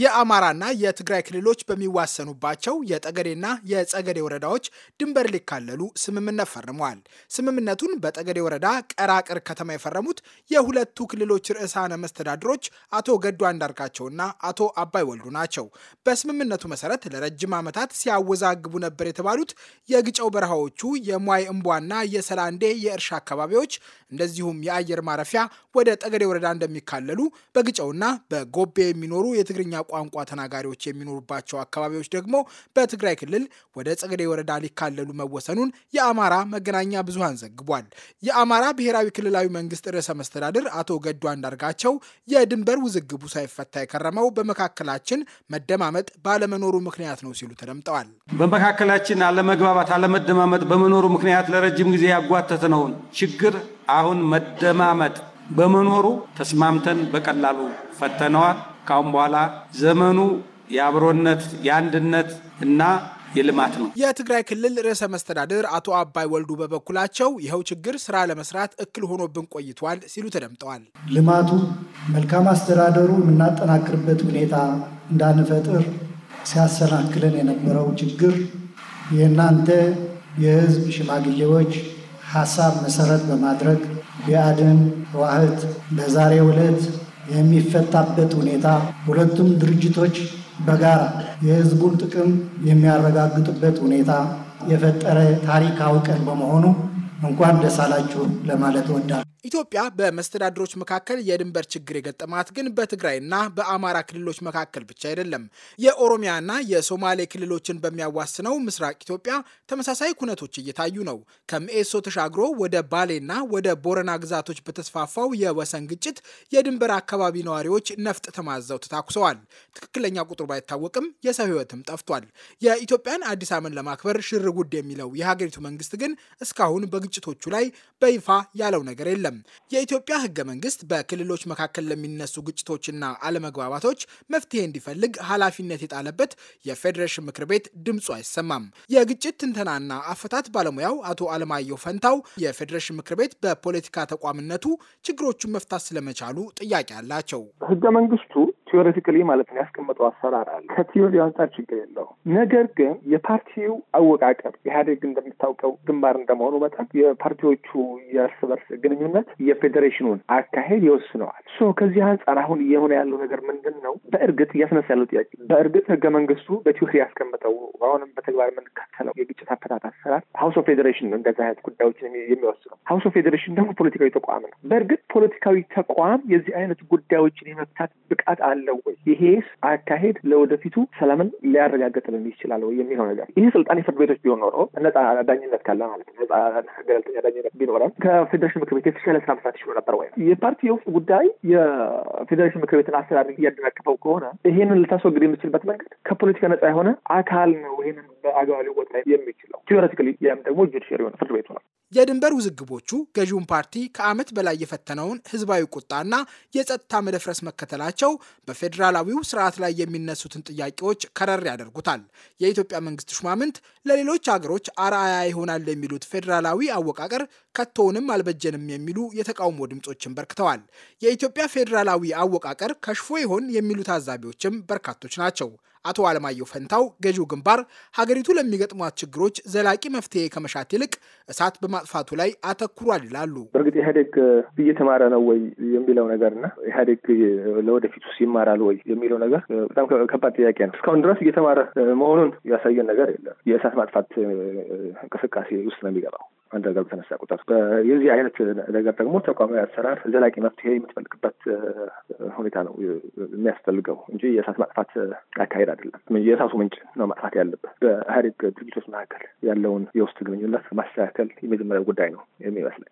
የአማራና የትግራይ ክልሎች በሚዋሰኑባቸው የጠገዴና የጸገዴ ወረዳዎች ድንበር ሊካለሉ ስምምነት ፈርመዋል። ስምምነቱን በጠገዴ ወረዳ ቀራቅር ከተማ የፈረሙት የሁለቱ ክልሎች ርዕሳነ መስተዳድሮች አቶ ገዱ አንዳርጋቸውና አቶ አባይ ወልዱ ናቸው። በስምምነቱ መሰረት ለረጅም ዓመታት ሲያወዛግቡ ነበር የተባሉት የግጨው በረሃዎቹ የሟይ እምቧና የሰላንዴ የእርሻ አካባቢዎች እንደዚሁም የአየር ማረፊያ ወደ ጠገዴ ወረዳ እንደሚካለሉ በግጨውና በጎቤ የሚኖሩ የትግርኛ ቋንቋ ተናጋሪዎች የሚኖሩባቸው አካባቢዎች ደግሞ በትግራይ ክልል ወደ ጸገዴ ወረዳ ሊካለሉ መወሰኑን የአማራ መገናኛ ብዙሃን ዘግቧል። የአማራ ብሔራዊ ክልላዊ መንግስት ርዕሰ መስተዳድር አቶ ገዱ አንዳርጋቸው የድንበር ውዝግቡ ሳይፈታ የከረመው በመካከላችን መደማመጥ ባለመኖሩ ምክንያት ነው ሲሉ ተደምጠዋል። በመካከላችን አለመግባባት፣ አለመደማመጥ በመኖሩ ምክንያት ለረጅም ጊዜ ያጓተትነውን ችግር አሁን መደማመጥ በመኖሩ ተስማምተን በቀላሉ ፈተነዋል። ካሁን በኋላ ዘመኑ የአብሮነት የአንድነት እና የልማት ነው። የትግራይ ክልል ርዕሰ መስተዳድር አቶ አባይ ወልዱ በበኩላቸው ይኸው ችግር ስራ ለመስራት እክል ሆኖብን ቆይቷል ሲሉ ተደምጠዋል። ልማቱ፣ መልካም አስተዳደሩ የምናጠናክርበት ሁኔታ እንዳንፈጥር ሲያሰናክለን የነበረው ችግር የእናንተ የህዝብ ሽማግሌዎች ሀሳብ መሰረት በማድረግ ቢአድን ህወሓት በዛሬው ዕለት የሚፈታበት ሁኔታ ሁለቱም ድርጅቶች በጋራ የሕዝቡን ጥቅም የሚያረጋግጡበት ሁኔታ የፈጠረ ታሪካዊ ቀን በመሆኑ እንኳን ደስ አላችሁ ለማለት እወዳለሁ። ኢትዮጵያ በመስተዳድሮች መካከል የድንበር ችግር የገጠማት ግን በትግራይና በአማራ ክልሎች መካከል ብቻ አይደለም። የኦሮሚያና የሶማሌ ክልሎችን በሚያዋስነው ምስራቅ ኢትዮጵያ ተመሳሳይ ኩነቶች እየታዩ ነው። ከምኤሶ ተሻግሮ ወደ ባሌና ወደ ቦረና ግዛቶች በተስፋፋው የወሰን ግጭት የድንበር አካባቢ ነዋሪዎች ነፍጥ ተማዘው ተታኩሰዋል። ትክክለኛ ቁጥሩ ባይታወቅም የሰው ሕይወትም ጠፍቷል። የኢትዮጵያን አዲስ ዓመት ለማክበር ሽር ጉድ የሚለው የሀገሪቱ መንግስት ግን እስካሁን በግ ግጭቶቹ ላይ በይፋ ያለው ነገር የለም። የኢትዮጵያ ህገ መንግስት በክልሎች መካከል ለሚነሱ ግጭቶችና አለመግባባቶች መፍትሄ እንዲፈልግ ኃላፊነት የጣለበት የፌዴሬሽን ምክር ቤት ድምፁ አይሰማም። የግጭት ትንተናና አፈታት ባለሙያው አቶ አለማየሁ ፈንታው የፌዴሬሽን ምክር ቤት በፖለቲካ ተቋምነቱ ችግሮቹን መፍታት ስለመቻሉ ጥያቄ አላቸው። ህገ መንግስቱ ቲዮሬቲካሊ ማለት ነው ያስቀመጠው አሰራር አለ። ከቲዮሪ አንጻር ችግር የለው። ነገር ግን የፓርቲው አወቃቀር ኢህአዴግ እንደምታውቀው ግንባር እንደመሆኑ መጠን የፓርቲዎቹ የእርስ በርስ ግንኙነት የፌዴሬሽኑን አካሄድ ይወስነዋል። ሶ ከዚህ አንጻር አሁን እየሆነ ያለው ነገር ምንድን ነው? በእርግጥ እያስነሳ ያለው ጥያቄ በእርግጥ ህገ መንግስቱ በቲዮሪ ያስቀመጠው አሁንም በተግባር የምንከተለው የግጭት አፈታት አሰራር ሀውስ ኦፍ ፌዴሬሽን ነው እንደዚህ አይነት ጉዳዮችን የሚወስነው። ሀውስ ኦፍ ፌዴሬሽን ደግሞ ፖለቲካዊ ተቋም ነው። በእርግጥ ፖለቲካዊ ተቋም የዚህ አይነት ጉዳዮችን የመፍታት ብቃት አለ አለው ወይ? ይሄስ አካሄድ ለወደፊቱ ሰላምን ሊያረጋግጥልን ይችላል ወይ የሚለው ነገር ይህ ስልጣን የፍርድ ቤቶች ቢሆን ኖሮ ነጻ ዳኝነት ካለ ማለት ነው ነጻ ገለልተኛ ዳኝነት ቢኖረን ከፌዴሬሽን ምክር ቤት የተሻለ ስራ መስራት ይችሉ ነበር ወይ? የፓርቲ የውስጥ ጉዳይ የፌዴሬሽን ምክር ቤትን አሰራር እያደናቀፈው ከሆነ ይሄንን ልታስወግድ የምችልበት መንገድ ከፖለቲካ ነጻ የሆነ አካል ነው። ይሄንን በአግባብ ሊወጣ የሚችለው ቲዎሬቲካሊ ያም ደግሞ ጁዲሽሪ ሆነ ፍርድ ቤቱ ነው። የድንበር ውዝግቦቹ ገዢውን ፓርቲ ከዓመት በላይ የፈተነውን ህዝባዊ ቁጣና የጸጥታ መደፍረስ መከተላቸው በፌዴራላዊው ስርዓት ላይ የሚነሱትን ጥያቄዎች ከረር ያደርጉታል። የኢትዮጵያ መንግስት ሹማምንት ለሌሎች አገሮች አርአያ ይሆናል የሚሉት ፌዴራላዊ አወቃቀር ከቶውንም አልበጀንም የሚሉ የተቃውሞ ድምፆችን በርክተዋል። የኢትዮጵያ ፌዴራላዊ አወቃቀር ከሽፎ ይሆን የሚሉ ታዛቢዎችም በርካቶች ናቸው። አቶ አለማየሁ ፈንታው ገዢው ግንባር ሀገሪቱ ለሚገጥሟት ችግሮች ዘላቂ መፍትሄ ከመሻት ይልቅ እሳት በማጥፋቱ ላይ አተኩሯል ይላሉ። በእርግጥ ኢህአዴግ እየተማረ ነው ወይ የሚለው ነገር እና ኢህአዴግ ለወደፊቱ ይማራል ወይ የሚለው ነገር በጣም ከባድ ጥያቄ ነው። እስካሁን ድረስ እየተማረ መሆኑን ያሳየን ነገር የለም። የእሳት ማጥፋት እንቅስቃሴ ውስጥ ነው የሚገባው። አንደርጋው በተነሳ ቁጥር የዚህ አይነት ነገር ደግሞ ተቋማዊ አሰራር ዘላቂ መፍትሄ የምትፈልግበት ሁኔታ ነው የሚያስፈልገው እንጂ የእሳት ማጥፋት አካሄድ አይደለም። የእሳቱ ምንጭ ነው ማጥፋት ያለበት። በኢህአዴግ ድርጅቶች መካከል ያለውን የውስጥ ግንኙነት ማስተካከል የመጀመሪያ ጉዳይ ነው የሚመስለኝ።